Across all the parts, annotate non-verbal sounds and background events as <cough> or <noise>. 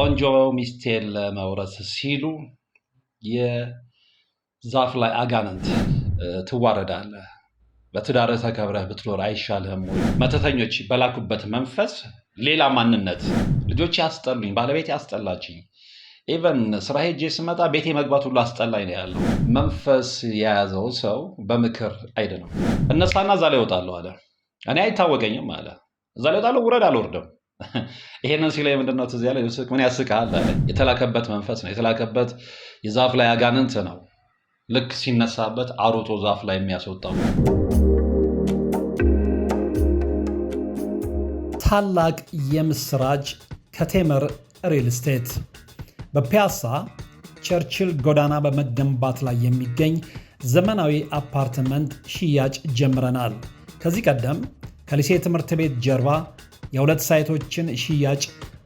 ቆንጆ ሚስቴን ለመውረስ ሲሉ የዛፍ ላይ አጋንንት ትዋረዳለህ፣ በትዳር ተከብረህ ብትኖር አይሻልህም መተተኞች በላኩበት መንፈስ ሌላ ማንነት ልጆች ያስጠሉኝ፣ ባለቤት ያስጠላችኝ፣ ኢቨን ስራ ሄጄ ስመጣ ቤቴ መግባት ሁሉ አስጠላኝ ነው ያለው። መንፈስ የያዘው ሰው በምክር አይድንም። እነሳና እዛ ላይ እወጣለሁ አለ። እኔ አይታወቀኝም አለ። እዛ ላይ እወጣለሁ፣ ውረድ፣ አልወርድም <laughs> ይሄንን ሲለኝ ምንድነው ትዝ ያለ ምን ያስቃል የተላከበት መንፈስ ነው። የተላከበት የዛፍ ላይ አጋንንት ነው። ልክ ሲነሳበት አሮቶ ዛፍ ላይ የሚያስወጣው ታላቅ የምስራች ከቴምር ሪል ስቴት በፒያሳ ቸርችል ጎዳና በመገንባት ላይ የሚገኝ ዘመናዊ አፓርትመንት ሽያጭ ጀምረናል። ከዚህ ቀደም ከሊሴ ትምህርት ቤት ጀርባ የሁለት ሳይቶችን ሽያጭ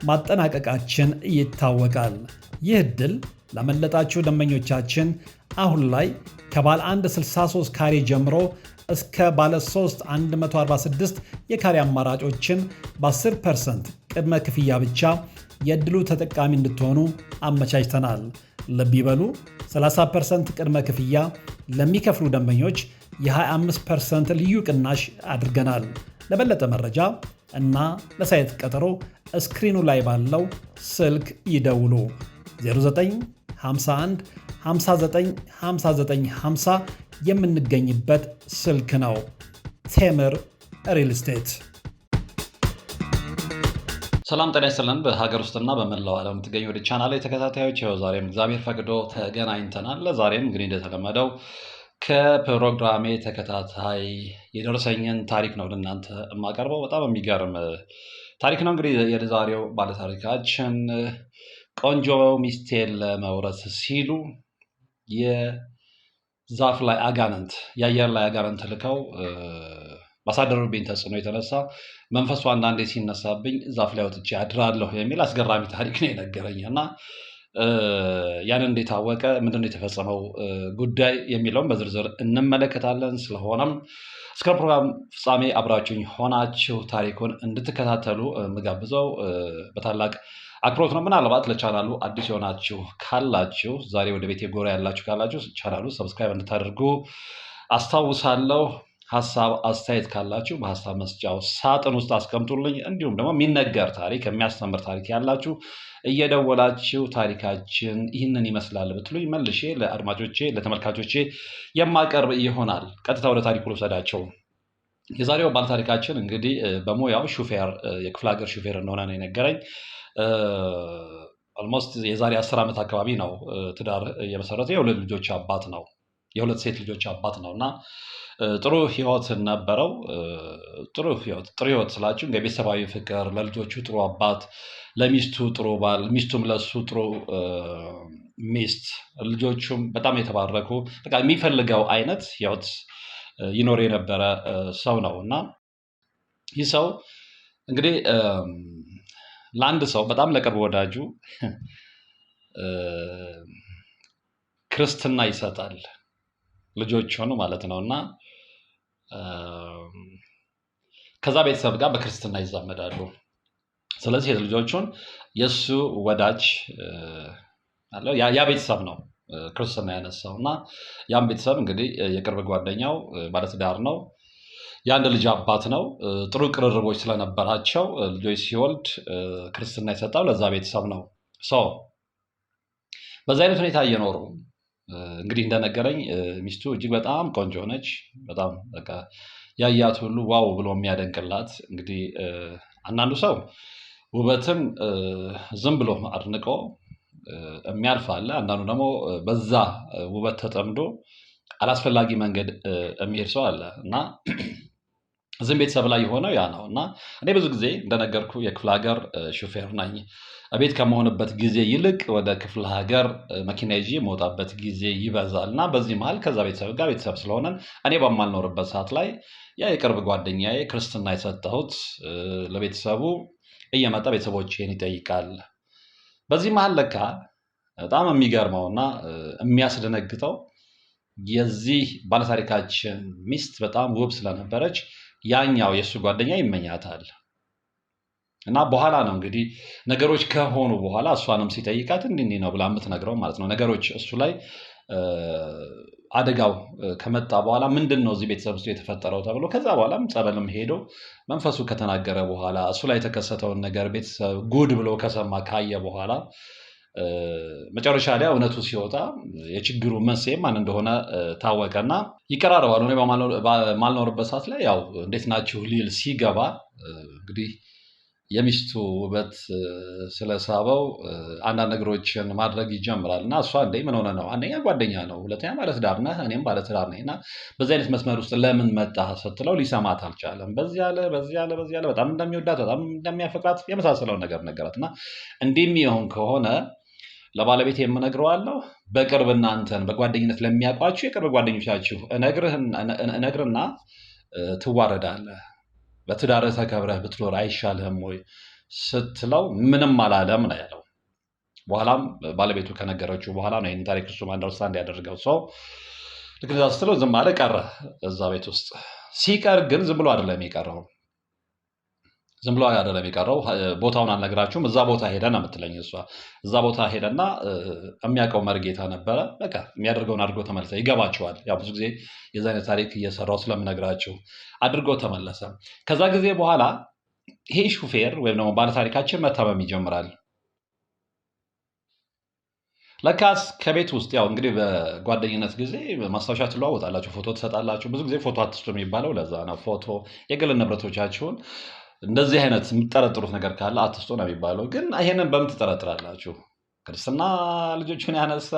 ማጠናቀቃችን ይታወቃል። ይህ እድል ለመለጣችሁ ደንበኞቻችን አሁን ላይ ከባለ 1 63 ካሬ ጀምሮ እስከ ባለ 3 146 የካሬ አማራጮችን በ10 ፐርሰንት ቅድመ ክፍያ ብቻ የእድሉ ተጠቃሚ እንድትሆኑ አመቻችተናል። ልብ ይበሉ 30 ፐርሰንት ቅድመ ክፍያ ለሚከፍሉ ደንበኞች የ25 ፐርሰንት ልዩ ቅናሽ አድርገናል። ለበለጠ መረጃ እና ለሳይት ቀጠሮ ስክሪኑ ላይ ባለው ስልክ ይደውሉ 0951 የምንገኝበት ስልክ ነው። ቴምር ሪል ስቴት። ሰላም ጤና ይስጥልን። በሀገር ውስጥና በመላው ዓለም የምትገኙ ወደ ቻናል ተከታታዮች፣ ይኸው ዛሬም እግዚአብሔር ፈቅዶ ተገናኝተናል። ለዛሬም እንግዲህ እንደተለመደው ከፕሮግራሜ ተከታታይ የደረሰኝን ታሪክ ነው ለእናንተ የማቀርበው። በጣም የሚገርም ታሪክ ነው። እንግዲህ የዛሬው ባለታሪካችን ቆንጆ ሚስቴን ለመውረስ ሲሉ የዛፍ ላይ አጋንንት የአየር ላይ አጋንንት ልከው ባሳደሩብኝ ተጽዕኖ የተነሳ መንፈሱ አንዳንዴ ሲነሳብኝ ዛፍ ላይ ወጥቼ አድራለሁ የሚል አስገራሚ ታሪክ ነው የነገረኝ እና ያን እንዴት አወቀ? ምንድነው የተፈጸመው ጉዳይ የሚለውን በዝርዝር እንመለከታለን። ስለሆነም እስከ ፕሮግራም ፍጻሜ አብራችሁኝ ሆናችሁ ታሪኩን እንድትከታተሉ ምጋብዘው በታላቅ አክብሮት ነው። ምናልባት ለቻናሉ አዲስ የሆናችሁ ካላችሁ፣ ዛሬ ወደ ቤት የጎራ ያላችሁ ካላችሁ ቻናሉ ሰብስክራይብ እንድታደርጉ አስታውሳለሁ። ሀሳብ አስተያየት ካላችሁ በሀሳብ መስጫው ሳጥን ውስጥ አስቀምጡልኝ። እንዲሁም ደግሞ የሚነገር ታሪክ የሚያስተምር ታሪክ ያላችሁ እየደወላችሁ ታሪካችን ይህንን ይመስላል ብትሉኝ መልሼ ለአድማጮቼ ለተመልካቾቼ የማቀርብ ይሆናል። ቀጥታ ወደ ታሪኩ ልውሰዳቸው። የዛሬው ባለታሪካችን እንግዲህ በሙያው ሹፌር፣ የክፍለ ሀገር ሹፌር እንደሆነ ነው የነገረኝ። ኦልሞስት የዛሬ አስር ዓመት አካባቢ ነው ትዳር የመሰረተ የሁለት ልጆች አባት ነው። የሁለት ሴት ልጆች አባት ነው እና ጥሩ ህይወት ነበረው። ጥሩ ህይወት ጥሩ ህይወት ስላችሁ እንግዲህ ቤተሰባዊ ፍቅር፣ ለልጆቹ ጥሩ አባት፣ ለሚስቱ ጥሩ ባል፣ ሚስቱም ለሱ ጥሩ ሚስት፣ ልጆቹም በጣም የተባረኩ በቃ የሚፈልገው አይነት ህይወት ይኖር የነበረ ሰው ነው እና ይህ ሰው እንግዲህ ለአንድ ሰው በጣም ለቅርብ ወዳጁ ክርስትና ይሰጣል። ልጆች ሆኑ ማለት ነው እና ከዛ ቤተሰብ ጋር በክርስትና ይዛመዳሉ። ስለዚህ ልጆቹን የእሱ ወዳጅ አለው። ያ ቤተሰብ ነው ክርስትና ያነሳው እና ያም ቤተሰብ እንግዲህ የቅርብ ጓደኛው ባለትዳር ነው። የአንድ ልጅ አባት ነው። ጥሩ ቅርርቦች ስለነበራቸው ልጆች ሲወልድ ክርስትና የሰጠው ለዛ ቤተሰብ ነው። ሰው በዛ አይነት ሁኔታ እየኖሩ እንግዲህ እንደነገረኝ ሚስቱ እጅግ በጣም ቆንጆ ነች። በጣም በቃ ያያት ሁሉ ዋው ብሎ የሚያደንቅላት። እንግዲህ አንዳንዱ ሰው ውበትም ዝም ብሎ አድንቆ የሚያልፍ አለ። አንዳንዱ ደግሞ በዛ ውበት ተጠምዶ አላስፈላጊ መንገድ የሚሄድ ሰው አለ እና <clears throat> እዚህም ቤተሰብ ላይ የሆነው ያ ነው እና እኔ ብዙ ጊዜ እንደነገርኩ የክፍለ ሀገር ሹፌር ነኝ። ቤት ከመሆንበት ጊዜ ይልቅ ወደ ክፍለ ሀገር መኪና ይዤ የመውጣበት ጊዜ ይበዛል እና በዚህ መሀል ከዛ ቤተሰብ ጋር ቤተሰብ ስለሆነን እኔ በማልኖርበት ሰዓት ላይ ያ የቅርብ ጓደኛዬ ክርስትና የሰጠሁት ለቤተሰቡ እየመጣ ቤተሰቦችን ይጠይቃል። በዚህ መሀል ለካ በጣም የሚገርመውና የሚያስደነግጠው የዚህ ባለታሪካችን ሚስት በጣም ውብ ስለነበረች ያኛው የእሱ ጓደኛ ይመኛታል። እና በኋላ ነው እንግዲህ ነገሮች ከሆኑ በኋላ እሷንም ሲጠይቃት እንዲህ ነው ብላ የምትነግረው ማለት ነው። ነገሮች እሱ ላይ አደጋው ከመጣ በኋላ ምንድን ነው እዚህ ቤተሰብ ውስጥ የተፈጠረው ተብሎ ከዛ በኋላም ጸበልም ሄዶ መንፈሱ ከተናገረ በኋላ እሱ ላይ የተከሰተውን ነገር ቤተሰብ ጉድ ብሎ ከሰማ ካየ በኋላ መጨረሻ ላይ እውነቱ ሲወጣ የችግሩ መንስኤ ማን እንደሆነ ታወቀና ይቀራረባል። እኔ በማልኖርበት ሰዓት ላይ ያው እንዴት ናችሁ ሊል ሲገባ እንግዲህ የሚስቱ ውበት ስለሳበው አንዳንድ ነገሮችን ማድረግ ይጀምራል እና እሷ እንደ ምን ሆነ ነው? አንደኛ ጓደኛ ነው፣ ሁለተኛ ባለትዳር ነህ፣ እኔም ባለትዳር ነኝ እና በዚህ አይነት መስመር ውስጥ ለምን መጣህ ስትለው ሊሰማት አልቻለም። በዚህ አለ በዚህ አለ በዚህ አለ በጣም እንደሚወዳት በጣም እንደሚያፈቅራት የመሳሰለውን ነገር ነገራት እና እንዲህ የሚሆን ከሆነ ለባለቤት የምነግረዋለሁ። በቅርብ እናንተን በጓደኝነት ለሚያውቋችሁ የቅርብ ጓደኞቻችሁ እነግርና ትዋረዳለህ፣ በትዳርህ ተከብረህ ብትኖር አይሻልህም ወይ ስትለው ምንም አላለም ነው ያለው። በኋላም ባለቤቱ ከነገረችው በኋላ ነው ይህን ታሪክ እሱም አንደርስታንድ ያደርገው ሰው ልክ ስትለው ዝም አለ ቀረ እዛ ቤት ውስጥ ሲቀር ግን ዝም ብሎ አይደለም የቀረው ዝም ብሎ አይደለም የቀረው። ቦታውን አልነግራችሁም። እዛ ቦታ ሄደ ነው የምትለኝ እሷ። እዛ ቦታ ሄደና የሚያውቀው መርጌታ ነበረ። በቃ የሚያደርገውን አድርጎ ተመለሰ። ይገባችኋል። ያ ብዙ ጊዜ የዛ አይነት ታሪክ እየሰራው ስለምነግራችሁ አድርጎ ተመለሰ። ከዛ ጊዜ በኋላ ይሄ ሹፌር ወይም ደግሞ ባለታሪካችን መታመም ይጀምራል። ለካስ ከቤት ውስጥ ያው እንግዲህ በጓደኝነት ጊዜ ማስታወሻ ትለዋወጣላችሁ፣ ፎቶ ትሰጣላችሁ። ብዙ ጊዜ ፎቶ አትስጡ የሚባለው ለዛ ነው። ፎቶ የግል ንብረቶቻችሁን እንደዚህ አይነት የምጠረጥሩት ነገር ካለ አትስጡ ነው የሚባለው። ግን ይሄንን በምን ትጠረጥራላችሁ? ክርስትና ልጆችን ያነሳ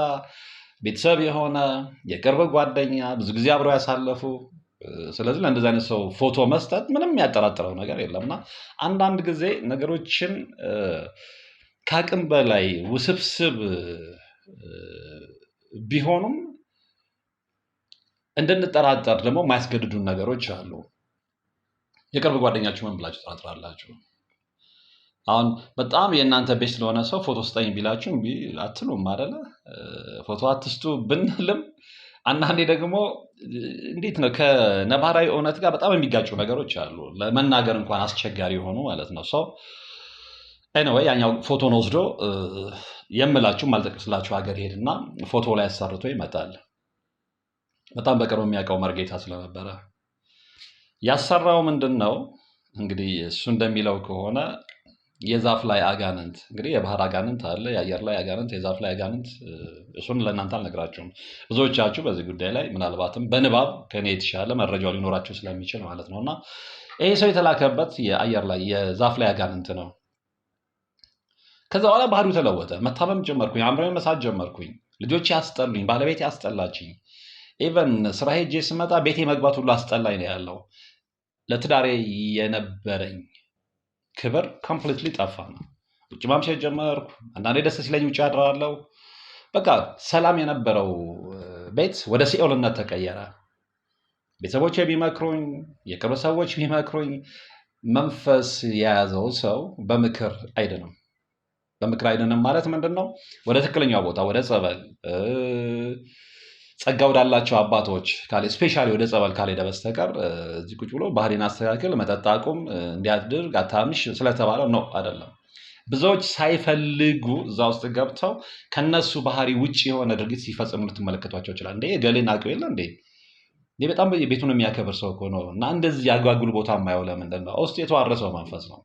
ቤተሰብ የሆነ የቅርብ ጓደኛ ብዙ ጊዜ አብረው ያሳለፉ። ስለዚህ ለእንደዚህ አይነት ሰው ፎቶ መስጠት ምንም ያጠራጥረው ነገር የለምና አንዳንድ ጊዜ ነገሮችን ከአቅም በላይ ውስብስብ ቢሆኑም እንድንጠራጠር ደግሞ የማያስገድዱን ነገሮች አሉ። የቅርብ ጓደኛችሁ ምን ብላችሁ ትጠራጥራላችሁ? አሁን በጣም የእናንተ ቤት ስለሆነ ሰው ፎቶ ስጠኝ ቢላችሁ አትሉም አይደለ? ፎቶ አትስጡ ብንልም አንዳንዴ ደግሞ እንዴት ነው ከነባራዊ እውነት ጋር በጣም የሚጋጩ ነገሮች አሉ። ለመናገር እንኳን አስቸጋሪ የሆኑ ማለት ነው። ሰው ኤኒዌይ ያኛው ፎቶን ወስዶ የምላችሁ ማልጠቅስላችሁ ሀገር ሄድና ፎቶ ላይ አሰርቶ ይመጣል። በጣም በቅርብ የሚያውቀው መርጌታ ስለነበረ ያሰራው ምንድን ነው? እንግዲህ እሱ እንደሚለው ከሆነ የዛፍ ላይ አጋንንት እንግዲህ የባህር አጋንንት አለ፣ የአየር ላይ አጋንንት፣ የዛፍ ላይ አጋንንት። እሱን ለእናንተ አልነግራችሁም። ብዙዎቻችሁ በዚህ ጉዳይ ላይ ምናልባትም በንባብ ከኔ የተሻለ መረጃው ሊኖራችሁ ስለሚችል ማለት ነው። እና ይሄ ሰው የተላከበት የአየር ላይ የዛፍ ላይ አጋንንት ነው። ከዛ በኋላ ባህሪው ተለወጠ። መታመም ጀመርኩኝ፣ አምረ መሳት ጀመርኩኝ፣ ልጆች ያስጠሉኝ፣ ባለቤቴ ያስጠላችኝ ኢቨን ስራ ሄጄ ስመጣ ቤቴ መግባት ሁሉ አስጠላኝ ነው ያለው። ለትዳሬ የነበረኝ ክብር ኮምፕሊትሊ ጠፋ ነው። ውጭ ማምሸት ጀመርኩ። አንዳንዴ ደስ ሲለኝ ውጭ አድራለሁ። በቃ ሰላም የነበረው ቤት ወደ ሲኦልነት ተቀየረ። ቤተሰቦች የሚመክሩኝ የቅርብ ሰዎች የሚመክሩኝ መንፈስ የያዘው ሰው በምክር አይድንም። በምክር አይድንም ማለት ምንድን ነው? ወደ ትክክለኛው ቦታ ወደ ጸበል ጸጋ ወዳላቸው አባቶች ካለ ስፔሻሊ ወደ ጸበል ካልሄደ በስተቀር እዚህ ቁጭ ብሎ ባህሪን አስተካክል፣ መጠጥ አቁም፣ እንዲያድርግ አታምሽ ስለተባለ ነው አይደለም። ብዙዎች ሳይፈልጉ እዛ ውስጥ ገብተው ከነሱ ባህሪ ውጭ የሆነ ድርጊት ሲፈጽሙ ልትመለከቷቸው ይችላል። እንደ ገሌን አውቀው የለ እንዴ ይህ በጣም ቤቱን የሚያከብር ሰው እኮ ነው። እና እንደዚህ ያጓጉል ቦታ የማየው ለምንድን ነው? ውስጥ የተዋረሰው መንፈስ ነው።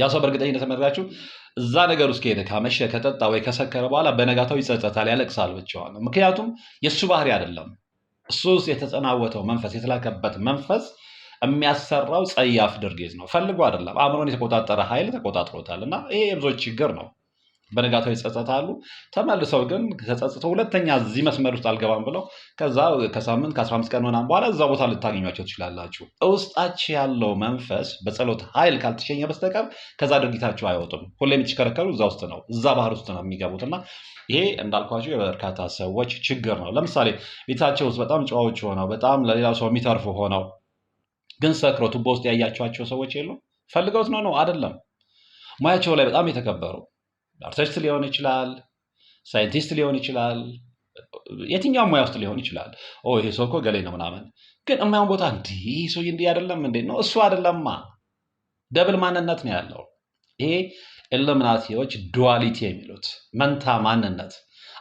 ያ ሰው በእርግጠኝነት መረዳችሁ እዛ ነገር ውስጥ ከሄደ ካመሸ፣ ከጠጣ ወይ ከሰከረ በኋላ በነጋታው ይጸጸታል፣ ያለቅሳል፣ ብቻዋን ነው። ምክንያቱም የእሱ ባህሪ አይደለም። እሱስ የተጸናወተው መንፈስ የተላከበት መንፈስ የሚያሰራው ጸያፍ ድርጊት ነው። ፈልጎ አይደለም። አእምሮን የተቆጣጠረ ኃይል ተቆጣጥሮታል እና ይሄ የብዙዎች ችግር ነው። በነጋታው ይጸጸታሉ። ተመልሰው ግን ተጸጽተው ሁለተኛ እዚህ መስመር ውስጥ አልገባም ብለው ከዛ ከሳምንት ከአስራ አምስት ቀን ሆናም በኋላ እዛ ቦታ ልታገኟቸው ትችላላችሁ። ውስጣች ያለው መንፈስ በጸሎት ኃይል ካልተሸኘ በስተቀር ከዛ ድርጊታችሁ አይወጡም። ሁሌ የምትሽከረከሩ እዛ ውስጥ ነው፣ እዛ ባህር ውስጥ ነው የሚገቡት እና ይሄ እንዳልኳቸው የበርካታ ሰዎች ችግር ነው። ለምሳሌ ቤታቸው ውስጥ በጣም ጨዋዎች ሆነው በጣም ለሌላ ሰው የሚተርፉ ሆነው ግን ሰክረው ቱቦ ውስጥ ያያቸዋቸው ሰዎች የሉም። ፈልገውት ነው ነው አይደለም። ሙያቸው ላይ በጣም የተከበሩ አርቲስት ሊሆን ይችላል፣ ሳይንቲስት ሊሆን ይችላል፣ የትኛውም ሙያ ውስጥ ሊሆን ይችላል። ይሄ ሰው እኮ ገሌ ነው ምናምን፣ ግን የማይሆን ቦታ እንዲህ ሰው እንዲህ አይደለም እንዴ ነው እሱ አይደለማ። ደብል ማንነት ነው ያለው። ይሄ ኤልምናቲዎች ዱዋሊቲ የሚሉት መንታ ማንነት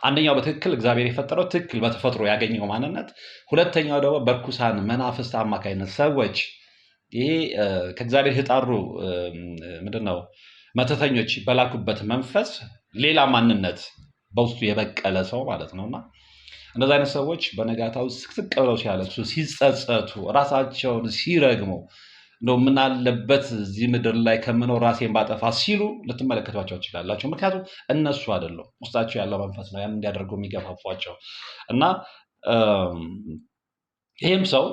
አንደኛው በትክክል እግዚአብሔር የፈጠረው ትክክል በተፈጥሮ ያገኘው ማንነት፣ ሁለተኛው ደግሞ በርኩሳን መናፍስት አማካኝነት ሰዎች ይሄ ከእግዚአብሔር የተጣሩ ምንድን ነው መተተኞች በላኩበት መንፈስ ሌላ ማንነት በውስጡ የበቀለ ሰው ማለት ነውና እነዚ አይነት ሰዎች በነጋታው ስቅስቅ ብለው ሲያለቅሱ፣ ሲጸጸቱ፣ ራሳቸውን ሲረግሙ እንደው ምን አለበት እዚህ ምድር ላይ ከምኖር ራሴን ባጠፋ ሲሉ ልትመለከቷቸው ትችላላቸው። ምክንያቱም እነሱ አይደለም ውስጣቸው ያለው መንፈስ ነው ያን እንዲያደርጉ የሚገፋፏቸው እና ይህም ሰው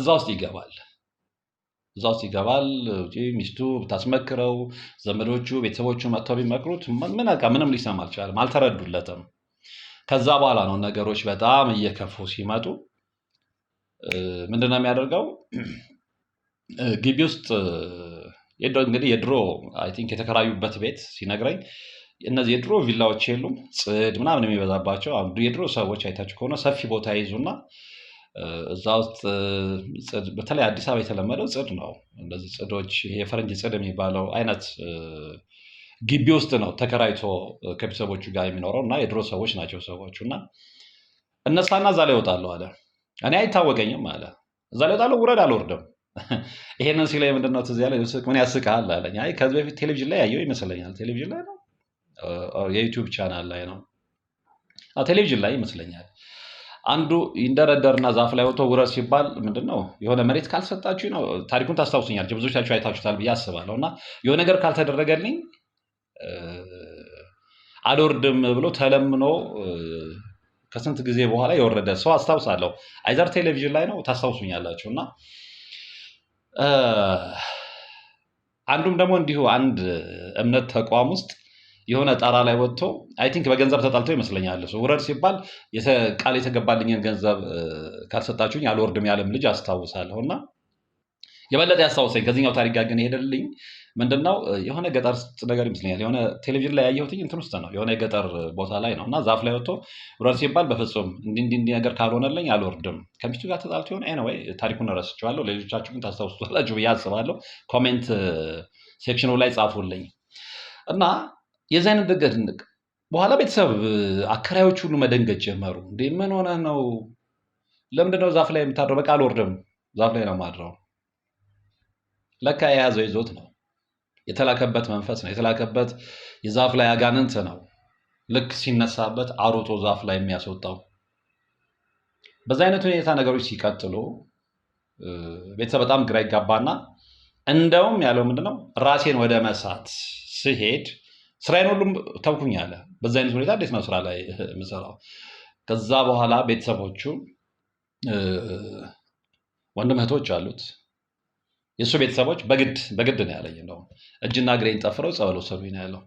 እዛ ውስጥ ይገባል። እዛ ውስጥ ይገባል። ሚስቱ ብታስመክረው ዘመዶቹ ቤተሰቦቹ መጥተው ቢመክሩት ምን በቃ ምንም ሊሰማ አልቻለም፣ አልተረዱለትም። ከዛ በኋላ ነው ነገሮች በጣም እየከፉ ሲመጡ ምንድነው የሚያደርገው? <clears throat> ግቢ ውስጥ እንግዲህ የድሮ አይ ቲንክ የተከራዩበት ቤት ሲነግረኝ እነዚህ የድሮ ቪላዎች የሉም፣ ጽድ ምናምን የሚበዛባቸው የድሮ ሰዎች አይታችሁ ከሆነ ሰፊ ቦታ ይዙና እዛ ውስጥ በተለይ አዲስ አበባ የተለመደው ጽድ ነው። እነዚህ ጽዶች የፈረንጅ ጽድ የሚባለው አይነት ግቢ ውስጥ ነው ተከራይቶ ከቤተሰቦቹ ጋር የሚኖረው እና የድሮ ሰዎች ናቸው ሰዎቹ እና እነሳና እዛ ላይ ይወጣለሁ አለ። እኔ አይታወቀኝም አለ። እዛ ላይ ይወጣለሁ፣ ውረድ፣ አልወርድም። <laughs> ይሄንን ሲለኝ ምንድን ነው ትዝ ያለኝ ምን ያስቃል አለኝ። አይ ከዚህ በፊት ቴሌቪዥን ላይ ያየው ይመስለኛል። ቴሌቪዥን ላይ ነው የዩቲዩብ ቻናል ላይ ነው ቴሌቪዥን ላይ ይመስለኛል አንዱ ይንደረደርና ዛፍ ላይ ወጥቶ ውረስ ሲባል ምንድነው የሆነ መሬት ካልሰጣችሁ ነው። ታሪኩን ታስታውሱኛል፣ ብዙዎቻችሁ አይታችሁታል ብዬ አስባለሁ። እና የሆነ ነገር ካልተደረገልኝ አልወርድም ብሎ ተለምኖ ከስንት ጊዜ በኋላ የወረደ ሰው አስታውሳለሁ። አይዘር ቴሌቪዥን ላይ ነው ታስታውሱኛላችሁ። እና አንዱም ደግሞ እንዲሁ አንድ እምነት ተቋም ውስጥ የሆነ ጣራ ላይ ወጥቶ አይ ቲንክ በገንዘብ ተጠልቶ ይመስለኛል። ውረድ ሲባል ቃል የተገባልኝን ገንዘብ ካልሰጣችሁኝ አልወርድም ያለም ልጅ አስታውሳለሁ። እና የበለጠ ያስታውሰኝ ከዚኛው ታሪክ ጋር ግን የሄደልኝ ምንድነው የሆነ ገጠር ነገር ይመስለኛል። የሆነ ቴሌቪዥን ላይ ያየሁትኝ እንትን ውስጥ ነው የሆነ የገጠር ቦታ ላይ ነው እና ዛፍ ላይ ወጥቶ ውረድ ሲባል በፍጹም እንዲህ እንዲህ ነገር ካልሆነልኝ አልወርድም ከሚስቱ ጋር ተጣልቶ የሆነ ኤኒዌይ ታሪኩን ረስቼዋለሁ። ሌሎቻችሁ ግን ታስታውሱታላችሁ ብዬ አስባለሁ። ኮሜንት ሴክሽኑ ላይ ጻፉልኝ እና የዚህ አይነት ነገር በኋላ ቤተሰብ አከራዮች ሁሉ መደንገጥ ጀመሩ። እንዴ ምን ሆነ ነው? ለምንድነው ዛፍ ላይ የምታድረው? በቃ አልወርድም፣ ዛፍ ላይ ነው ማድረው። ለካ የያዘው ይዞት ነው፣ የተላከበት መንፈስ ነው፣ የተላከበት የዛፍ ላይ አጋንንት ነው። ልክ ሲነሳበት አሮቶ ዛፍ ላይ የሚያስወጣው። በዛ አይነት ሁኔታ ነገሮች ሲቀጥሉ ቤተሰብ በጣም ግራ ይጋባና እንደውም ያለው ምንድነው ራሴን ወደ መሳት ስሄድ ስራዬን ሁሉም ተውኩኝ አለ። በዛ አይነት ሁኔታ እንዴት ነው ስራ ላይ የምሰራው? ከዛ በኋላ ቤተሰቦቹ ወንድም እህቶች አሉት። የእሱ ቤተሰቦች በግድ በግድ ነው ያለኝ። ነው እጅና እግሬን ጠፍረው ጸበል ወሰዱኝ ነው ያለው።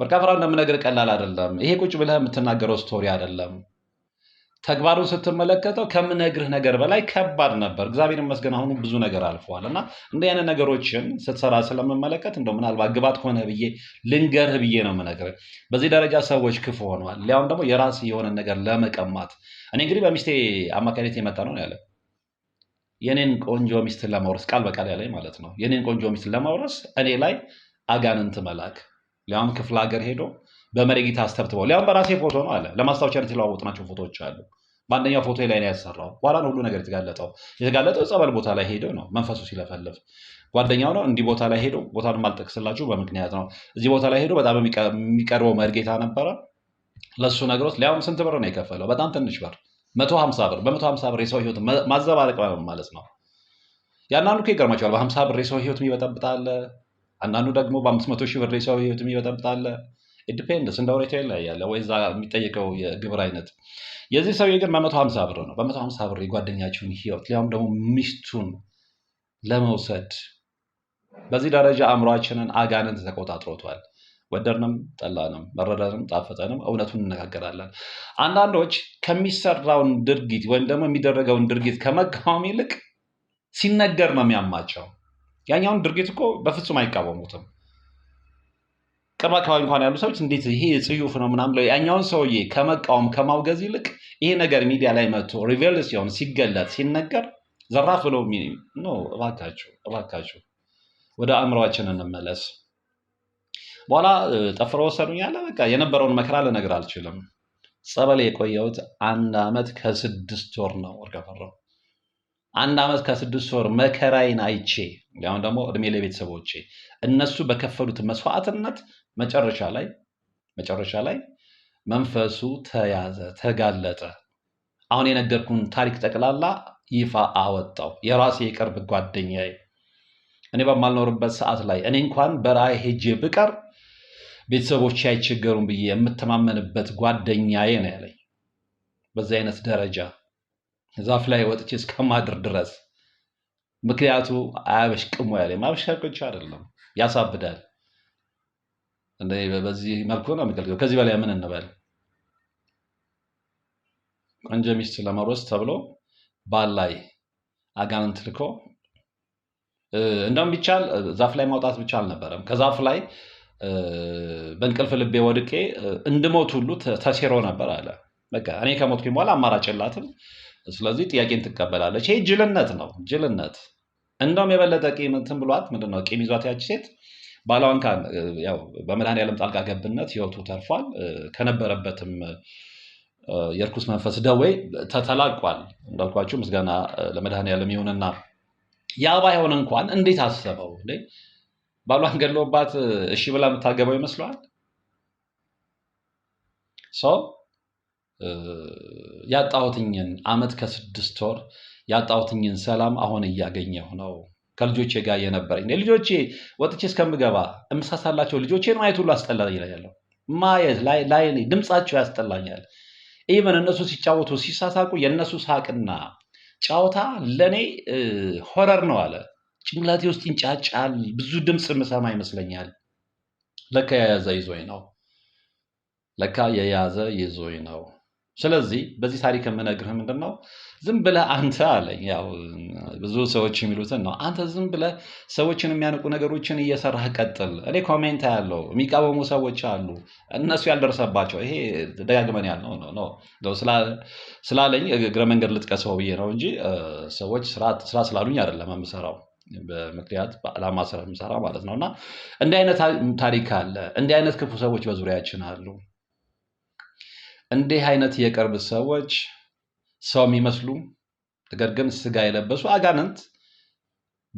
ወርቅ አፈራው እንደምነግርህ ቀላል አይደለም። ይሄ ቁጭ ብለህ የምትናገረው ስቶሪ አይደለም። ተግባሩን ስትመለከተው ከምነግርህ ነገር በላይ ከባድ ነበር። እግዚአብሔር ይመስገን አሁኑ ብዙ ነገር አልፈዋል እና እንደ አይነት ነገሮችን ስትሰራ ስለምመለከት እንደው ምናልባት ግባት ከሆነ ብዬ ልንገርህ ብዬ ነው የምነግርህ። በዚህ ደረጃ ሰዎች ክፉ ሆነዋል። ሊያውም ደግሞ የራስ የሆነ ነገር ለመቀማት እኔ እንግዲህ በሚስቴ አማካኝነት የመጣ ነው ያለ የኔን ቆንጆ ሚስትን ለማውረስ ቃል በቃል ያለኝ ማለት ነው። የኔን ቆንጆ ሚስትን ለማውረስ እኔ ላይ አጋንንት መላክ ሊያውም ክፍለ ሀገር ሄዶ በመሪጌታ አስተብትበው ሊያም በራሴ ፎቶ ነው አለ። ለማስታወቻ ለማስታወቂያ ናቸው ፎቶዎች አሉ። በአንደኛው ፎቶ ላይ ነው ያሰራው። በኋላ ነው ሁሉ ነገር የተጋለጠው። የተጋለጠው ጸበል ቦታ ላይ ሄደው ነው መንፈሱ ሲለፈልፍ ጓደኛው ነው እንዲህ ቦታ ላይ ሄደው ቦታንም አልጠቅስላችሁ በምክንያት ነው። እዚህ ቦታ ላይ ሄዶ በጣም የሚቀርበው መርጌታ ነበረ። ለእሱ ነግሮት ሊያውም ስንት ብር ነው የከፈለው? በጣም ትንሽ ብር፣ መቶ ሀምሳ ብር። በመቶ ሀምሳ ብር የሰው ህይወት ማዘባረቅ ማለት ነው። የአንዳንዱ እኮ ይገርማቸዋል። በሀምሳ ብር የሰው ህይወት የሚበጠብጣለ፣ አንዳንዱ ደግሞ በአምስት መቶ ሺህ ብር የሰው ህይወት የሚበጠብጣለ ኢንዲፔንደንስ እንደ ሁኔታው ይለያያል። ወይ እዛ የሚጠይቀው የግብር አይነት የዚህ ሰውዬ ግን በመቶ ሀምሳ ብር ነው። በመቶ ሀምሳ ብር የጓደኛችሁን ህይወት ሊያውም ደግሞ ሚስቱን ለመውሰድ በዚህ ደረጃ አእምሯችንን አጋንንት ተቆጣጥሮቷል። ወደድንም ጠላንም መረዳንም ጣፈጠንም እውነቱን እነጋገራለን። አንዳንዶች ከሚሰራውን ድርጊት ወይም ደግሞ የሚደረገውን ድርጊት ከመቃወም ይልቅ ሲነገር ነው የሚያማቸው። ያኛውን ድርጊት እኮ በፍጹም አይቃወሙትም። ቅርብ አካባቢ እንኳን ያሉ ሰዎች እንዴት ይሄ ጽዩፍ ነው ምናምን ብለው ያኛውን ሰውዬ ከመቃወም ከማውገዝ ይልቅ ይሄ ነገር ሚዲያ ላይ መጥቶ ሪቬል ሲሆን ሲገለጥ ሲነገር ዘራፍ ብለው ነው። እባካችሁ እባካችሁ ወደ አእምሯችን እንመለስ። በኋላ ጠፍሮ ወሰዱኝ በቃ የነበረውን መከራ ልነግር አልችልም። ጸበል የቆየሁት አንድ ዓመት ከስድስት ወር ነው። ወርገፈረው አንድ ዓመት ከስድስት ወር መከራይን አይቼ፣ አሁን ደግሞ እድሜ ለቤተሰቦቼ እነሱ በከፈሉት መስዋዕትነት መጨረሻ ላይ መጨረሻ ላይ መንፈሱ ተያዘ፣ ተጋለጠ። አሁን የነገርኩን ታሪክ ጠቅላላ ይፋ አወጣው። የራሴ የቅርብ ጓደኛዬ እኔ በማልኖርበት ሰዓት ላይ እኔ እንኳን በራይ ሄጄ ብቀር ቤተሰቦች አይቸገሩም ብዬ የምተማመንበት ጓደኛዬ ነው ያለኝ። በዚህ አይነት ደረጃ ዛፍ ላይ ወጥቼ እስከማድር ድረስ ምክንያቱ አያበሽቅሙ ያለ ማበሻቆች አይደለም፣ ያሳብዳል። በዚህ መልኩ ነው የሚከልከው። ከዚህ በላይ ምን እንበል? ቆንጆ ሚስት ለመውረስ ተብሎ ባል ላይ አጋንንት ልኮ እንደውም ቢቻል ዛፍ ላይ ማውጣት ብቻ አልነበረም። ከዛፍ ላይ በእንቅልፍ ልቤ ወድቄ እንድሞት ሁሉ ተሴሮ ነበር አለ። በቃ እኔ ከሞትኩኝ በኋላ አማራጭ የላትም። ስለዚህ ጥያቄን ትቀበላለች። ይሄ ጅልነት ነው፣ ጅልነት። እንደውም የበለጠ ቂም ብሏት ምንድነው ቂም ይዟት ያች ሴት ባለዋንካ ያው በመድኃኒዓለም ጣልቃ ገብነት ህይወቱ ተርፏል። ከነበረበትም የእርኩስ መንፈስ ደዌ ተተላቋል። እንዳልኳቸው ምስጋና ለመድኃኒዓለም ይሁንና ያ ባይሆን እንኳን እንዴት አሰበው? ባሏን ገድሎባት እሺ ብላ የምታገባው ይመስለዋል ሰው ያጣሁትኝን አመት ከስድስት ወር ያጣሁትኝን ሰላም አሁን እያገኘሁ ነው። ከልጆቼ ጋር የነበረኝ ልጆቼ ወጥቼ እስከምገባ እምሳሳላቸው ልጆቼን ማየት ሁሉ አስጠላኝ ያለው ማየት ላይ ድምፃቸው ያስጠላኛል። ኢቨን እነሱ ሲጫወቱ ሲሳሳቁ የእነሱ ሳቅና ጫወታ ለእኔ ሆረር ነው አለ። ጭንቅላቴ ውስጥ ይንጫጫል። ብዙ ድምፅ ምሰማ ይመስለኛል። ለካ የያዘ ይዞኝ ነው። ለካ የያዘ ይዞኝ ነው። ስለዚህ በዚህ ታሪክ የምነግርህ ምንድን ነው፣ ዝም ብለ አንተ አለኝ። ያው ብዙ ሰዎች የሚሉትን ነው። አንተ ዝም ብለ ሰዎችን የሚያንቁ ነገሮችን እየሰራህ ቀጥል። እኔ ኮሜንት ያለው የሚቃወሙ ሰዎች አሉ፣ እነሱ ያልደረሰባቸው ይሄ ደጋግመን ያለው ነው። ስላለኝ እግረ መንገድ ልጥቀሰው ብዬ ነው እንጂ ሰዎች ስራ ስላሉኝ አይደለም የምሰራው በምክንያት በዓላማ ስራ የምሰራ ማለት ነው። እና እንዲህ አይነት ታሪክ አለ። እንዲህ አይነት ክፉ ሰዎች በዙሪያችን አሉ። እንዲህ አይነት የቅርብ ሰዎች ሰው የሚመስሉ ነገር ግን ስጋ የለበሱ አጋንንት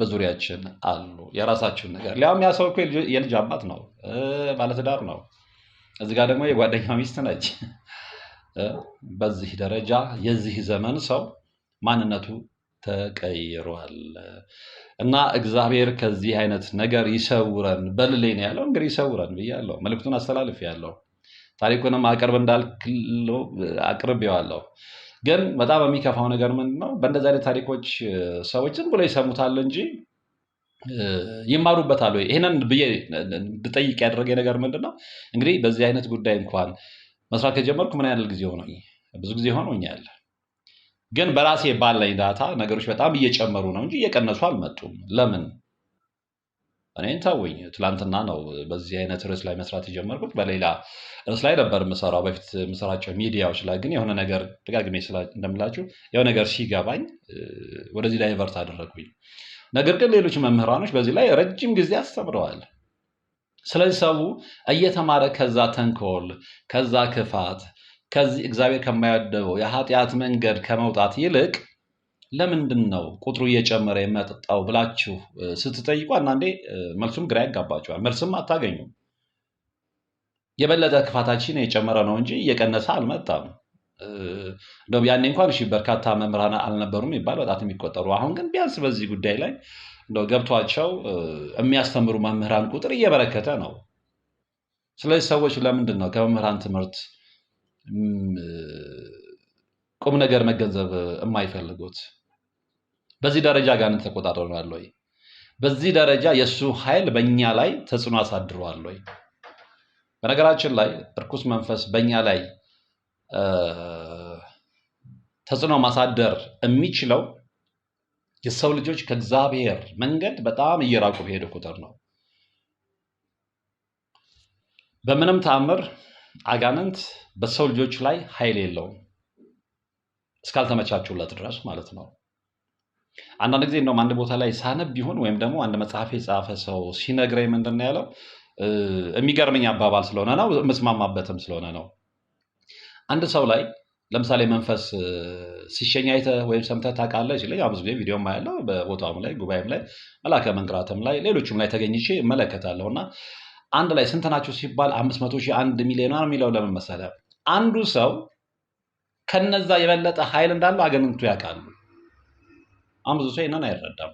በዙሪያችን አሉ። የራሳችሁን ነገር ሊያውም ያ ሰው እኮ የልጅ አባት ነው፣ ባለትዳር ነው። እዚህ ጋር ደግሞ የጓደኛ ሚስት ነች። በዚህ ደረጃ የዚህ ዘመን ሰው ማንነቱ ተቀይሯል። እና እግዚአብሔር ከዚህ አይነት ነገር ይሰውረን በልሌን ያለው እንግዲህ ይሰውረን ብያለሁ፣ መልእክቱን አስተላልፍ ያለው ታሪኩንም አቅርብ እንዳልክለው አቅርቤዋለሁ። ግን በጣም የሚከፋው ነገር ምንድን ነው? በእንደዚህ አይነት ታሪኮች ሰዎች ዝም ብሎ ይሰሙታል እንጂ ይማሩበታል ወይ? ይህንን ብዬ እንድጠይቅ ያደረገ ነገር ምንድን ነው? እንግዲህ በዚህ አይነት ጉዳይ እንኳን መስራት ከጀመርኩ ምን ያህል ጊዜ ሆነ? ብዙ ጊዜ ሆኖኛል። ግን በራሴ ባለኝ ዳታ ነገሮች በጣም እየጨመሩ ነው እንጂ እየቀነሱ አልመጡም። ለምን እኔ ታወኝ ትላንትና ነው በዚህ አይነት ርዕስ ላይ መስራት የጀመርኩት። በሌላ ርዕስ ላይ ነበር የምሰራው በፊት የምሰራቸው ሚዲያዎች ላይ ግን የሆነ ነገር ደጋግሜ እንደምላችሁ የሆነ ነገር ሲገባኝ ወደዚህ ላይ ቨርት አደረግኩኝ። ነገር ግን ሌሎች መምህራኖች በዚህ ላይ ረጅም ጊዜ አስተምረዋል። ስለዚህ ሰው እየተማረ ከዛ ተንኮል፣ ከዛ ክፋት፣ ከዚህ እግዚአብሔር ከማይወደበው የኃጢአት መንገድ ከመውጣት ይልቅ ለምንድን ነው ቁጥሩ እየጨመረ የሚያጠጣው ብላችሁ ስትጠይቁ አንዳንዴ መልሱም ግራ ያጋባቸዋል። መልስም አታገኙም። የበለጠ ክፋታችን የጨመረ ነው እንጂ እየቀነሰ አልመጣም። እንደውም ያኔ እንኳን እሺ በርካታ መምህራን አልነበሩም ይባል በጣት የሚቆጠሩ አሁን ግን ቢያንስ በዚህ ጉዳይ ላይ እንደው ገብቷቸው የሚያስተምሩ መምህራን ቁጥር እየበረከተ ነው። ስለዚህ ሰዎች ለምንድን ነው ከመምህራን ትምህርት ቁም ነገር መገንዘብ የማይፈልጉት? በዚህ ደረጃ ጋር ተቆጣጥረናል ወይ? በዚህ ደረጃ የእሱ ኃይል በእኛ ላይ ተጽዕኖ አሳድሯል ወይ? በነገራችን ላይ እርኩስ መንፈስ በእኛ ላይ ተጽዕኖ ማሳደር የሚችለው የሰው ልጆች ከእግዚአብሔር መንገድ በጣም እየራቁ በሄደ ቁጥር ነው። በምንም ተአምር አጋንንት በሰው ልጆች ላይ ኃይል የለውም እስካልተመቻችሁለት ድረስ ማለት ነው። አንዳንድ ጊዜ እንደውም አንድ ቦታ ላይ ሳነብ ቢሆን ወይም ደግሞ አንድ መጽሐፍ የጻፈ ሰው ሲነግረኝ ምንድን ነው ያለው የሚገርመኝ አባባል ስለሆነ ነው የምስማማበትም ስለሆነ ነው። አንድ ሰው ላይ ለምሳሌ መንፈስ ሲሸኝ አይተህ ወይም ሰምተህ ታውቃለህ ሲለኝ ብዙ ጊዜ ቪዲዮም ያለው በቦታውም ላይ ጉባኤም ላይ መላከ መንግራትም ላይ ሌሎችም ላይ ተገኝቼ እመለከታለሁ እና አንድ ላይ ስንት ናቸው ሲባል አምስት መቶ ሺህ አንድ ሚሊዮን የሚለው ለምን መሰለህ? አንዱ ሰው ከነዛ የበለጠ ኃይል እንዳለው አገንንቱ ያውቃሉ። ሰው ይህንን አይረዳም።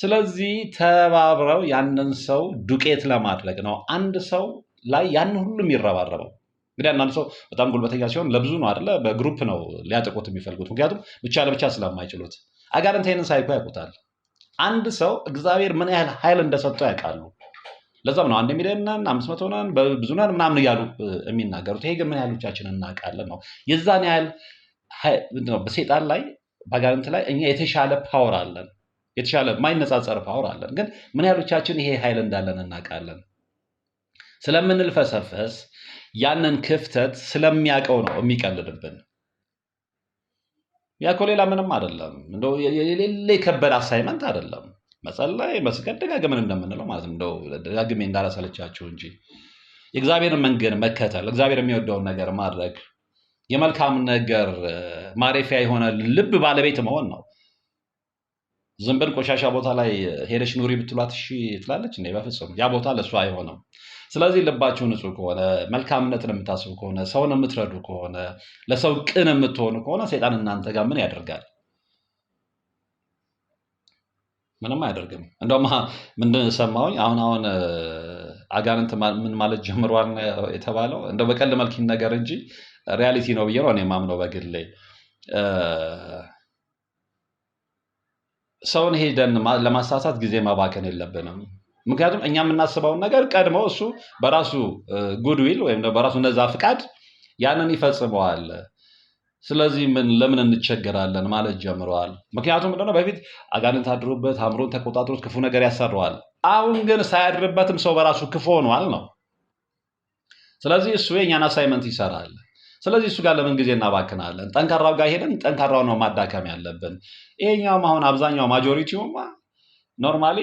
ስለዚህ ተባብረው ያንን ሰው ዱቄት ለማድረግ ነው አንድ ሰው ላይ ያንን ሁሉ የሚረባረበው። እንግዲህ አንዳንድ ሰው በጣም ጉልበተኛ ሲሆን ለብዙ ነው አይደለ? በግሩፕ ነው ሊያጠቁት የሚፈልጉት፣ ምክንያቱም ብቻ ለብቻ ስለማይችሉት። አጋንንት ይህንን ሳይኮ ያውቁታል። አንድ ሰው እግዚአብሔር ምን ያህል ኃይል እንደሰጠው ያውቃሉ። ለዛም ነው አንድ ሚሊዮን ነን፣ አምስት መቶ ነን፣ ብዙ ነን ምናምን እያሉ የሚናገሩት። ይሄ ግን ምን ያህሎቻችን እናውቃለን ነው የዛን ያህል በሴጣን ላይ ባጋንንት ላይ እኛ የተሻለ ፓወር አለን፣ የተሻለ ማይነጻጸር ፓወር አለን። ግን ምን ያህሎቻችን ይሄ ኃይል እንዳለን እናውቃለን? ስለምንልፈሰፈስ ያንን ክፍተት ስለሚያውቀው ነው የሚቀልድብን። ያ ሌላ ምንም አይደለም፣ እንደው የሌለ የከበደ አሳይመንት አይደለም። መጸለይ፣ መስገድ ደጋግመን እንደምንለው ማለት ነው። ደጋግሜ እንዳላሰለቻችሁ እንጂ የእግዚአብሔርን መንገድ መከተል፣ እግዚአብሔር የሚወደውን ነገር ማድረግ የመልካም ነገር ማረፊያ የሆነ ልብ ባለቤት መሆን ነው። ዝንብን ቆሻሻ ቦታ ላይ ሄደሽ ኑሪ ብትሏት እሺ ትላለች? እ በፍጹም ያ ቦታ ለእሱ አይሆንም። ስለዚህ ልባችሁ ንጹህ ከሆነ መልካምነትን የምታስቡ ከሆነ ሰውን የምትረዱ ከሆነ ለሰው ቅን የምትሆኑ ከሆነ ሰይጣን እናንተ ጋር ምን ያደርጋል? ምንም አያደርግም። እንደውም ምንድን አሁን አሁን አጋንንት ምን ማለት ጀምሯል የተባለው እንደ በቀል መልክ ነገር እንጂ ሪያሊቲ ነው ብዬ ነው እኔ የማምነው በግሌ። ሰውን ሄደን ለማሳሳት ጊዜ ማባከን የለብንም። ምክንያቱም እኛ የምናስበውን ነገር ቀድሞ እሱ በራሱ ጉድዊል ወይም በራሱ ነዛ ፍቃድ ያንን ይፈጽመዋል። ስለዚህ ምን ለምን እንቸገራለን ማለት ጀምረዋል። ምክንያቱም ምንድነው በፊት አጋንንት አድሮበት አእምሮን ተቆጣጥሮት ክፉ ነገር ያሰረዋል። አሁን ግን ሳያድርበትም ሰው በራሱ ክፉ ሆኗል ነው። ስለዚህ እሱ የእኛን አሳይመንት ይሰራል። ስለዚህ እሱ ጋር ለምን ጊዜ እናባክናለን? ጠንካራው ጋር ሄደን ጠንካራው ነው ማዳከም ያለብን። ይሄኛውም አሁን አብዛኛው ማጆሪቲውማ ኖርማሊ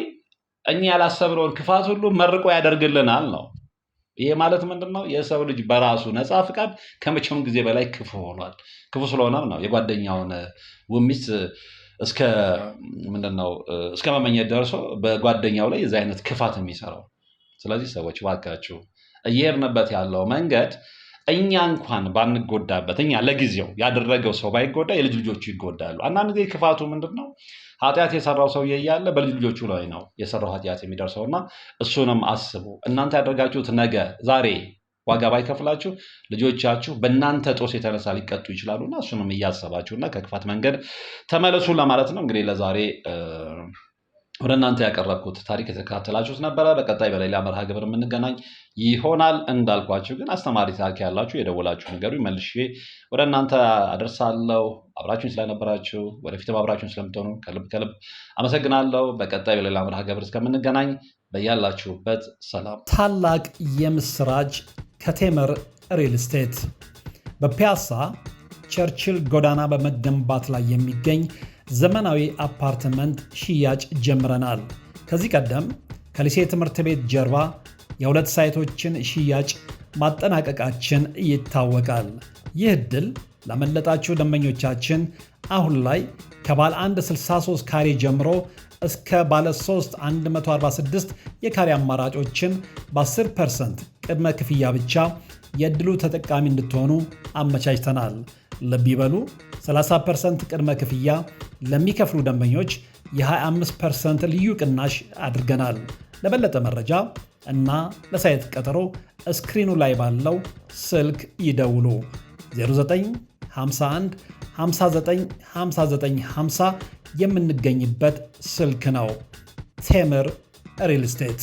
እኛ ያላሰብነውን ክፋት ሁሉ መርቆ ያደርግልናል ነው። ይሄ ማለት ምንድን ነው? የሰው ልጅ በራሱ ነፃ ፍቃድ ከመቼውም ጊዜ በላይ ክፉ ሆኗል። ክፉ ስለሆነም ነው የጓደኛውን ውሚት እስከ ምንድን ነው እስከ መመኘት ደርሶ በጓደኛው ላይ የዚህ አይነት ክፋት የሚሰራው። ስለዚህ ሰዎች ባካችሁ እየሄድንበት ያለው መንገድ እኛ እንኳን ባንጎዳበት እኛ ለጊዜው ያደረገው ሰው ባይጎዳ የልጅ ልጆቹ ይጎዳሉ። አንዳንድ ጊዜ ክፋቱ ምንድን ነው? ኃጢአት የሰራው ሰውዬ እያለ በልጅ ልጆቹ ላይ ነው የሰራው ኃጢአት የሚደርሰው እና እሱንም አስቡ። እናንተ ያደርጋችሁት ነገ ዛሬ ዋጋ ባይከፍላችሁ ልጆቻችሁ በእናንተ ጦስ የተነሳ ሊቀጡ ይችላሉና እሱንም እያሰባችሁና ከክፋት መንገድ ተመለሱ ለማለት ነው። እንግዲህ ለዛሬ ወደ እናንተ ያቀረብኩት ታሪክ የተከታተላችሁት ነበረ። በቀጣይ በሌላ መርሃ ግብር የምንገናኝ ይሆናል። እንዳልኳችሁ ግን አስተማሪ ታሪክ ያላችሁ የደወላችሁ ነገሩ መልሼ ወደ እናንተ አደርሳለሁ። አብራችሁን ስለነበራችሁ ወደፊትም አብራችሁን ስለምትሆኑ ከልብ ከልብ አመሰግናለሁ። በቀጣይ በሌላ መርሃ ግብር እስከምንገናኝ በያላችሁበት ሰላም። ታላቅ የምስራች ከቴምር ሪል ስቴት በፒያሳ ቸርችል ጎዳና በመገንባት ላይ የሚገኝ ዘመናዊ አፓርትመንት ሽያጭ ጀምረናል። ከዚህ ቀደም ከሊሴ ትምህርት ቤት ጀርባ የሁለት ሳይቶችን ሽያጭ ማጠናቀቃችን ይታወቃል። ይህ ዕድል ለመለጣችሁ ደንበኞቻችን አሁን ላይ ከባለ 1 63 ካሬ ጀምሮ እስከ ባለ 3 146 የካሬ አማራጮችን በ10 ፐርሰንት ቅድመ ክፍያ ብቻ የዕድሉ ተጠቃሚ እንድትሆኑ አመቻችተናል። ለሚበሉ 30% ቅድመ ክፍያ ለሚከፍሉ ደንበኞች የ25% ልዩ ቅናሽ አድርገናል። ለበለጠ መረጃ እና ለሳይት ቀጠሮ ስክሪኑ ላይ ባለው ስልክ ይደውሉ። 0951595950 የምንገኝበት ስልክ ነው። ቴምር ሪል ስቴት